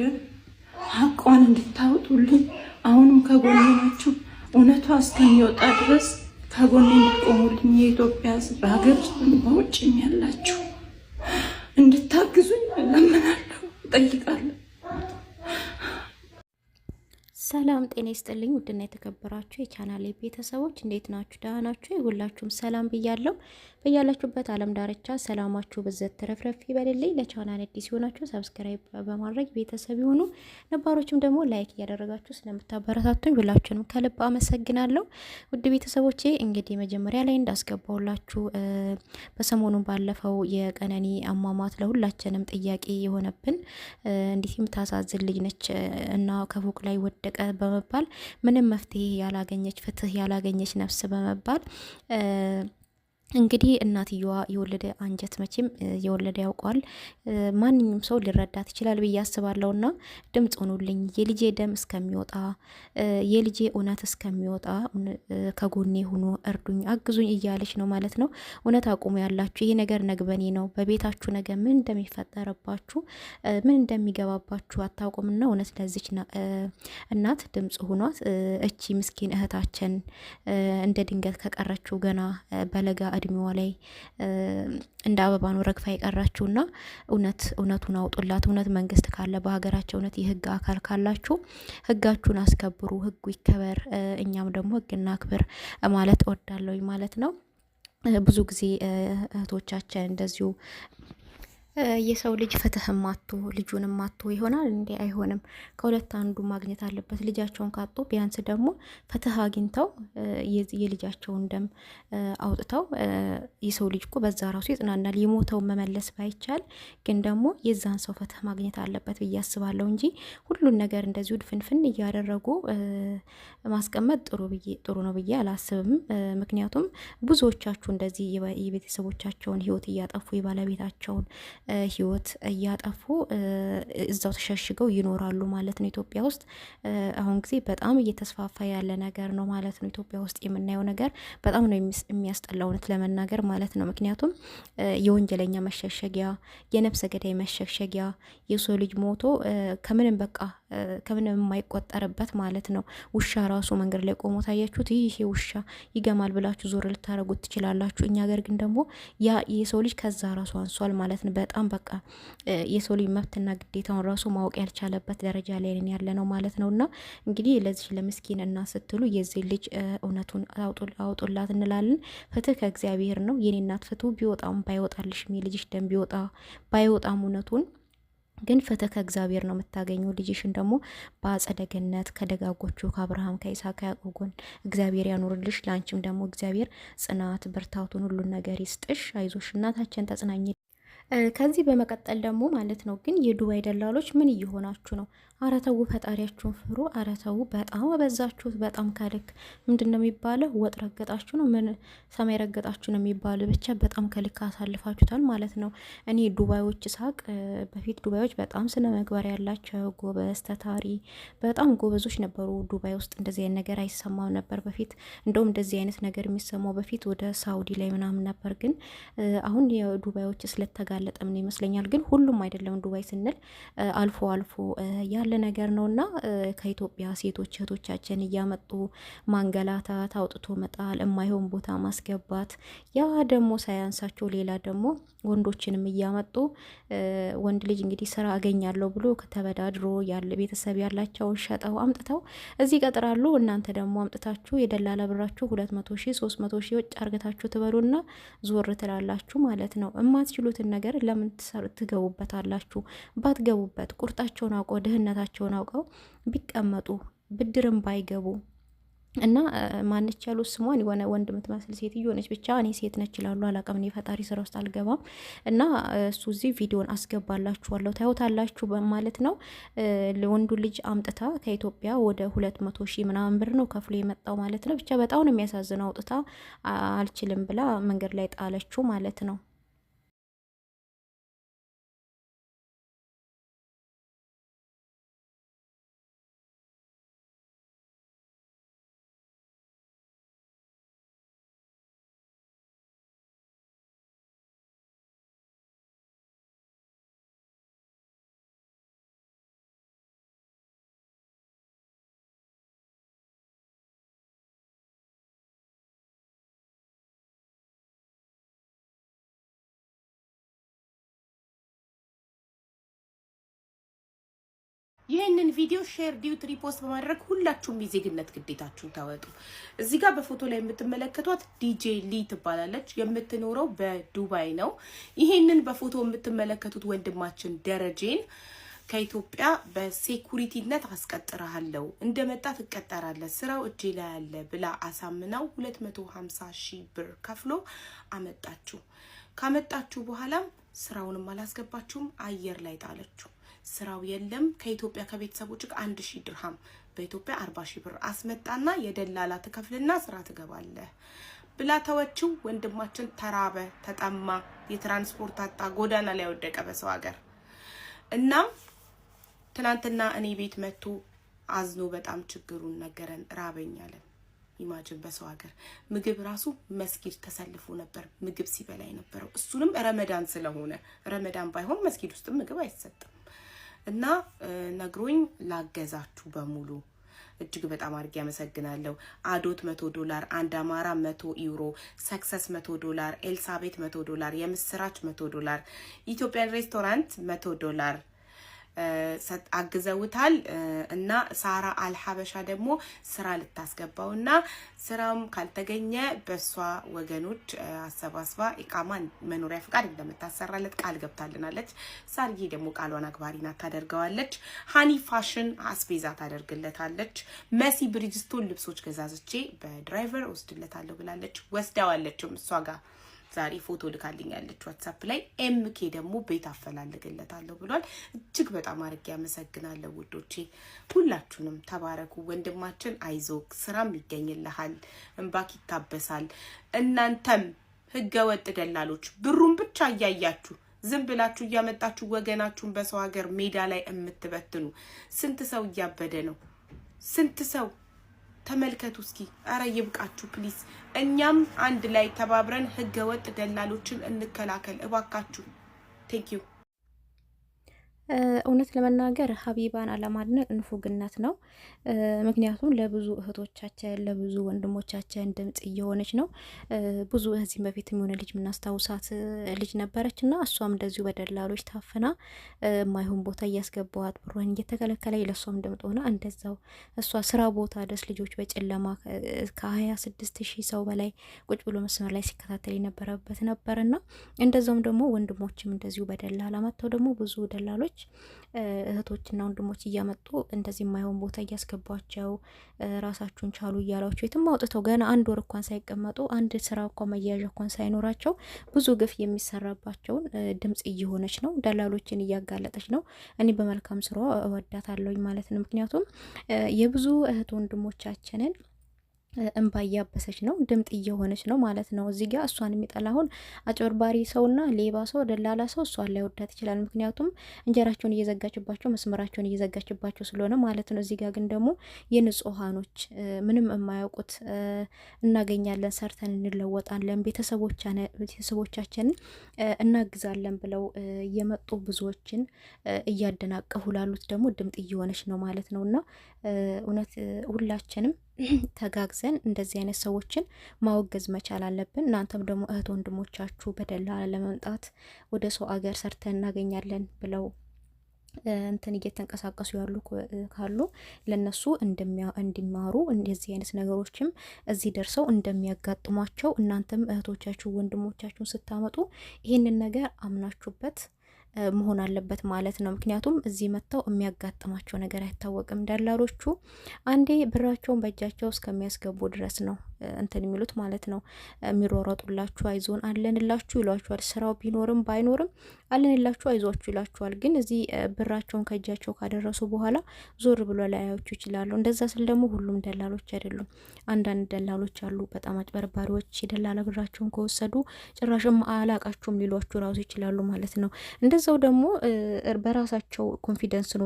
ምድር ሀቋን እንድታወጡልኝ አሁንም ከጎኔ ናችሁ። እውነቱ እስከሚወጣ ድረስ ከጎኔ እንድትቆሙልኝ የኢትዮጵያ ሕዝብ በሀገር ውስጥም በውጭም ያላችሁ እንድታግዙኝ እለምናለሁ፣ እጠይቃለሁ። ሰላም ጤና ይስጥልኝ። ውድና የተከበራችሁ የቻናሌ ቤተሰቦች እንዴት ናችሁ? ደህና ናችሁ? የሁላችሁም ሰላም ብያለሁ። በያላችሁበት ዓለም ዳርቻ ሰላማችሁ ብዘት ተረፍረፍ ይበልልኝ። ለቻናል አዲስ ሲሆናችሁ ሰብስክራይብ በማድረግ ቤተሰብ ይሆኑ፣ ነባሮችም ደግሞ ላይክ እያደረጋችሁ ስለምታበረታቱኝ ሁላችሁንም ከልብ አመሰግናለሁ። ውድ ቤተሰቦቼ እንግዲህ መጀመሪያ ላይ እንዳስገባሁላችሁ በሰሞኑን ባለፈው የቀነኒ አሟሟት ለሁላችንም ጥያቄ የሆነብን እንዲህ የምታሳዝን ልጅ ነች እና ከፎቅ ላይ ወደቀ በመባል ምንም መፍትሄ ያላገኘች ፍትህ ያላገኘች ነፍስ በመባል እንግዲህ እናትየዋ የወለደ አንጀት መቼም የወለደ ያውቋል፣ ማንኛውም ሰው ሊረዳት ይችላል ብዬ አስባለሁ። እና ድምፅ ሆኑልኝ የልጄ ደም እስከሚወጣ የልጄ እውነት እስከሚወጣ ከጎኔ ሁኖ እርዱኝ፣ አግዙኝ እያለች ነው ማለት ነው። እውነት አቁሙ ያላችሁ ይሄ ነገር ነግበኔ ነው። በቤታችሁ ነገ ምን እንደሚፈጠርባችሁ ምን እንደሚገባባችሁ አታውቁምና እውነት ለዚች እናት ድምፅ ሁኗት። እቺ ምስኪን እህታችን እንደ ድንገት ከቀረችው ገና በለጋ እድሜዋ ላይ እንደ አበባ ነው ረግፋ ና እውነት እውነቱን አውጡላት። እውነት መንግስት ካለ በሀገራቸው እውነት የህግ አካል ካላችሁ ህጋችሁን አስከብሩ። ህጉ ይከበር፣ እኛም ደግሞ ህግ እናክብር ማለት እወዳለሁ ማለት ነው። ብዙ ጊዜ እህቶቻችን እንደዚሁ የሰው ልጅ ፍትህም ማቶ ልጁንም ማቶ ይሆናል እንዲ አይሆንም። ከሁለት አንዱ ማግኘት አለበት። ልጃቸውን ካጡ ቢያንስ ደግሞ ፍትህ አግኝተው የልጃቸውን ደም አውጥተው የሰው ልጅ እኮ በዛ ራሱ ይጽናናል። የሞተው መመለስ ባይቻል ግን ደግሞ የዛን ሰው ፍትህ ማግኘት አለበት ብዬ አስባለሁ እንጂ ሁሉን ነገር እንደዚሁ ድፍንፍን እያደረጉ ማስቀመጥ ጥሩ ጥሩ ነው ብዬ አላስብም። ምክንያቱም ብዙዎቻችሁ እንደዚህ የቤተሰቦቻቸውን ህይወት እያጠፉ የባለቤታቸውን ህይወት እያጠፉ እዛው ተሸሽገው ይኖራሉ ማለት ነው። ኢትዮጵያ ውስጥ አሁን ጊዜ በጣም እየተስፋፋ ያለ ነገር ነው ማለት ነው። ኢትዮጵያ ውስጥ የምናየው ነገር በጣም ነው የሚያስጠላ እውነት ለመናገር ማለት ነው። ምክንያቱም የወንጀለኛ መሸሸጊያ፣ የነፍሰ ገዳይ መሸሸጊያ፣ የሰው ልጅ ሞቶ ከምንም በቃ ከምንም የማይቆጠርበት ማለት ነው። ውሻ ራሱ መንገድ ላይ ቆሞ ታያችሁት፣ ይህ ይሄ ውሻ ይገማል ብላችሁ ዞር ልታደርጉት ትችላላችሁ። እኛ ሀገር ግን ደግሞ ያ የሰው ልጅ ከዛ ራሱ አንሷል ማለት ነው በጣም በጣም በቃ የሰው ልጅ መብትና ግዴታውን ራሱ ማወቅ ያልቻለበት ደረጃ ላይ ያለ ነው ማለት ነው። እና እንግዲህ ለዚህ ለምስኪን እና ስትሉ የዚህ ልጅ እውነቱን አውጡላት እንላለን። ፍትህ ከእግዚአብሔር ነው። የኔ እናት ፍትሁ ቢወጣም ባይወጣልሽም የልጅሽ ደም ቢወጣ ባይወጣም እውነቱን ግን ፍትህ ከእግዚአብሔር ነው የምታገኘው። ልጅሽን ደግሞ በአጸደ ገነት ከደጋጎቹ ከአብርሃም ከይስሐቅ ከያዕቆብ ጎን እግዚአብሔር ያኑርልሽ። ለአንቺም ደግሞ እግዚአብሔር ጽናት ብርታቱን ሁሉን ነገር ይስጥሽ። አይዞሽ እናታችን ተጽናኝ። ከዚህ በመቀጠል ደግሞ ማለት ነው ግን የዱባይ ደላሎች ምን እየሆናችሁ ነው? አረተው ፈጣሪያችሁን ፍሩ። አረተው በጣም አበዛችሁት በጣም ከልክ ምንድን ነው የሚባለው? ወጥ ረገጣችሁ ነው ምን ሰማይ ረገጣችሁ ነው የሚባለው? ብቻ በጣም ከልክ አሳልፋችሁታል ማለት ነው። እኔ ዱባዮች ሳቅ በፊት ዱባዮች በጣም ስነ መግባር ያላቸው ጎበዝ፣ ተታሪ በጣም ጎበዞች ነበሩ። ዱባይ ውስጥ እንደዚህ አይነት ነገር አይሰማም ነበር በፊት። እንደውም እንደዚህ አይነት ነገር የሚሰማው በፊት ወደ ሳውዲ ላይ ምናምን ነበር። ግን አሁን የዱባዮች ስለተጋለጠ ምን ይመስለኛል። ግን ሁሉም አይደለም ዱባይ ስንል አልፎ አልፎ ያ ያለ ነገር ነውና ከኢትዮጵያ ሴቶች እህቶቻችን እያመጡ ማንገላታት፣ አውጥቶ መጣል፣ የማይሆን ቦታ ማስገባት፣ ያ ደግሞ ሳያንሳቸው ሌላ ደግሞ ወንዶችንም እያመጡ ወንድ ልጅ እንግዲህ ስራ አገኛለሁ ብሎ ከተበዳድሮ ያለ ቤተሰብ ያላቸውን ሸጠው አምጥተው እዚህ ቀጥራሉ። እናንተ ደግሞ አምጥታችሁ የደላላ ብራችሁ ሁለት መቶ ሺህ ሶስት መቶ ሺህ ወጭ አርግታችሁ ትበሉና ዞር ትላላችሁ ማለት ነው። እማትችሉትን ነገር ለምን ትገቡበታላችሁ? ባትገቡበት ቁርጣቸውን አውቆ ድህነት ጥፋታቸውን አውቀው ቢቀመጡ ብድርም ባይገቡ እና ማነች ያሉት ስሟን የሆነ ወንድ የምትመስል ሴትዮ ነች። ብቻ እኔ ሴት ነች ይላሉ። አላውቅም፣ እኔ ፈጣሪ ስራ ውስጥ አልገባም። እና እሱ እዚህ ቪዲዮን አስገባላችኋለሁ ታዩታላችሁ ማለት ነው። ወንዱ ልጅ አምጥታ ከኢትዮጵያ ወደ ሁለት መቶ ሺህ ምናምን ብር ነው ከፍሎ የመጣው ማለት ነው። ብቻ በጣም ነው የሚያሳዝነው። አውጥታ አልችልም ብላ መንገድ ላይ ጣለችው ማለት ነው። ይህንን ቪዲዮ ሼር ዲዩት ሪፖስት በማድረግ ሁላችሁም የዜግነት ግዴታችሁን ተወጡ። እዚህ ጋር በፎቶ ላይ የምትመለከቷት ዲጄ ሊ ትባላለች። የምትኖረው በዱባይ ነው። ይህንን በፎቶ የምትመለከቱት ወንድማችን ደረጄን ከኢትዮጵያ በሴኩሪቲነት አስቀጥረሃለው፣ እንደመጣ ትቀጠራለህ፣ ስራው እጄ ላይ ያለ ብላ አሳምናው 250 ሺህ ብር ከፍሎ አመጣችሁ። ካመጣችሁ በኋላም ስራውንም አላስገባችሁም፣ አየር ላይ ጣለችው። ስራው የለም ከኢትዮጵያ ከቤተሰቦች ጋር አንድ ሺህ ድርሃም በኢትዮጵያ አርባ ሺህ ብር አስመጣና የደላላ ትከፍልና ስራ ትገባለህ ብላ ተወችው። ወንድማችን ተራበ፣ ተጠማ፣ የትራንስፖርት አጣ፣ ጎዳና ላይ ወደቀ በሰው ሀገር እናም ትናንትና እኔ ቤት መጥቶ አዝኖ በጣም ችግሩን ነገረን። ራበኝ አለን። ኢማጅን በሰው ሀገር ምግብ ራሱ መስጊድ ተሰልፎ ነበር ምግብ ሲበላ የነበረው እሱንም ረመዳን ስለሆነ ረመዳን ባይሆን መስጊድ ውስጥም ምግብ አይሰጥም። እና ነግሮኝ ላገዛችሁ በሙሉ እጅግ በጣም አድርጌ ያመሰግናለሁ። አዶት መቶ ዶላር፣ አንድ አማራ መቶ ዩሮ፣ ሰክሰስ መቶ ዶላር፣ ኤልሳቤት መቶ ዶላር፣ የምስራች መቶ ዶላር፣ ኢትዮጵያን ሬስቶራንት መቶ ዶላር አግዘውታል እና ሳራ አልሀበሻ ደግሞ ስራ ልታስገባው እና ስራም ካልተገኘ በእሷ ወገኖች አሰባስባ ኢቃማ መኖሪያ ፍቃድ እንደምታሰራለት ቃል ገብታልናለች። ሳርዬ ደግሞ ቃሏን አግባሪ ናት፣ ታደርገዋለች። ሀኒ ፋሽን አስቤዛ ታደርግለታለች። መሲ ብሪጅስቶን ልብሶች ገዛዝቼ በድራይቨር ወስድለታለሁ ብላለች፣ ወስዳዋለችም እሷ ጋር ዛሬ ፎቶ ልካልኛለች ዋትሳፕ ላይ። ኤምኬ ደግሞ ቤት አፈላልግለታለሁ ብሏል። እጅግ በጣም አድርጌ ያመሰግናለሁ ውዶቼ፣ ሁላችሁንም ተባረኩ። ወንድማችን አይዞክ፣ ስራም ይገኝልሃል፣ እንባክ ይታበሳል። እናንተም ህገ ወጥ ደላሎች ብሩን ብቻ እያያችሁ ዝም ብላችሁ እያመጣችሁ ወገናችሁን በሰው ሀገር ሜዳ ላይ የምትበትኑ ስንት ሰው እያበደ ነው? ስንት ሰው ተመልከቱ እስኪ። አረ ይብቃችሁ ፕሊስ። እኛም አንድ ላይ ተባብረን ህገወጥ ደላሎችን እንከላከል እባካችሁ። ዩ እውነት ለመናገር ሀቢባን አለማድነቅ ንፉግነት ነው። ምክንያቱም ለብዙ እህቶቻችን ለብዙ ወንድሞቻችን ድምጽ እየሆነች ነው። ብዙ ከዚህ በፊት የሚሆነ ልጅ የምናስታውሳት ልጅ ነበረች እና እሷም እንደዚሁ በደላሎች ታፍና የማይሆን ቦታ እያስገባዋት ብሯን እየተከለከለ ለእሷም ድምፅ ሆና እንደዛው እሷ ስራ ቦታ ደስ ልጆች በጨለማ ከሀያ ስድስት ሺህ ሰው በላይ ቁጭ ብሎ መስመር ላይ ሲከታተል የነበረበት ነበር እና እንደዛውም ደግሞ ወንድሞችም እንደዚሁ በደላላ መጥተው ደግሞ ብዙ ደላሎች ሰዎች እህቶችና ወንድሞች እያመጡ እንደዚህ የማይሆን ቦታ እያስገቧቸው ራሳችሁን ቻሉ እያሏቸው የትም አውጥተው ገና አንድ ወር እንኳን ሳይቀመጡ አንድ ስራ እኳ መያዣ እንኳን ሳይኖራቸው ብዙ ግፍ የሚሰራባቸውን ድምጽ እየሆነች ነው። ደላሎችን እያጋለጠች ነው። እኔ በመልካም ስራ እወዳታለሁኝ ማለት ነው። ምክንያቱም የብዙ እህት ወንድሞቻችንን እንባ እያበሰች ነው፣ ድምጥ እየሆነች ነው ማለት ነው። እዚህ ጋር እሷን የሚጠላ አሁን አጭበርባሪ ሰውና ሌባ ሰው፣ ደላላ ሰው እሷን ወዳት ይችላል። ምክንያቱም እንጀራቸውን እየዘጋችባቸው መስመራቸውን እየዘጋችባቸው ስለሆነ ማለት ነው። እዚህ ጋር ግን ደግሞ የንጹሃኖች ምንም የማያውቁት እናገኛለን፣ ሰርተን እንለወጣለን፣ ቤተሰቦቻችንን እናግዛለን ብለው የመጡ ብዙዎችን እያደናቀፉ ላሉት ደግሞ ድምጥ እየሆነች ነው ማለት ነው እና እውነት ሁላችንም ተጋግዘን እንደዚህ አይነት ሰዎችን ማወገዝ መቻል አለብን። እናንተም ደግሞ እህት ወንድሞቻችሁ በደላ ለመምጣት ወደ ሰው አገር ሰርተን እናገኛለን ብለው እንትን እየተንቀሳቀሱ ያሉ ካሉ ለነሱ እንዲማሩ እንደዚህ አይነት ነገሮችም እዚህ ደርሰው እንደሚያጋጥሟቸው እናንተም እህቶቻችሁ ወንድሞቻችሁን ስታመጡ ይህንን ነገር አምናችሁበት መሆን አለበት ማለት ነው። ምክንያቱም እዚህ መጥተው የሚያጋጥማቸው ነገር አይታወቅም። ደላሎቹ አንዴ ብራቸውን በእጃቸው እስከሚያስገቡ ድረስ ነው እንትን የሚሉት ማለት ነው የሚሯሯጡላችሁ። አይዞን አለንላችሁ ይሏችኋል። ስራው ቢኖርም ባይኖርም አለንላችሁ አይዟችሁ ይሏችኋል። ግን እዚህ ብራቸውን ከእጃቸው ካደረሱ በኋላ ዞር ብሎ ላያችሁ ይችላሉ። እንደዛ ስል ደግሞ ሁሉም ደላሎች አይደሉም። አንዳንድ ደላሎች አሉ በጣም አጭበርባሪዎች። የደላላ ብራቸውን ከወሰዱ ጭራሽም አላቃችሁም ሊሏችሁ ራሱ ይችላሉ ማለት ነው። እንደዛው ደግሞ በራሳቸው ኮንፊደንስ ነው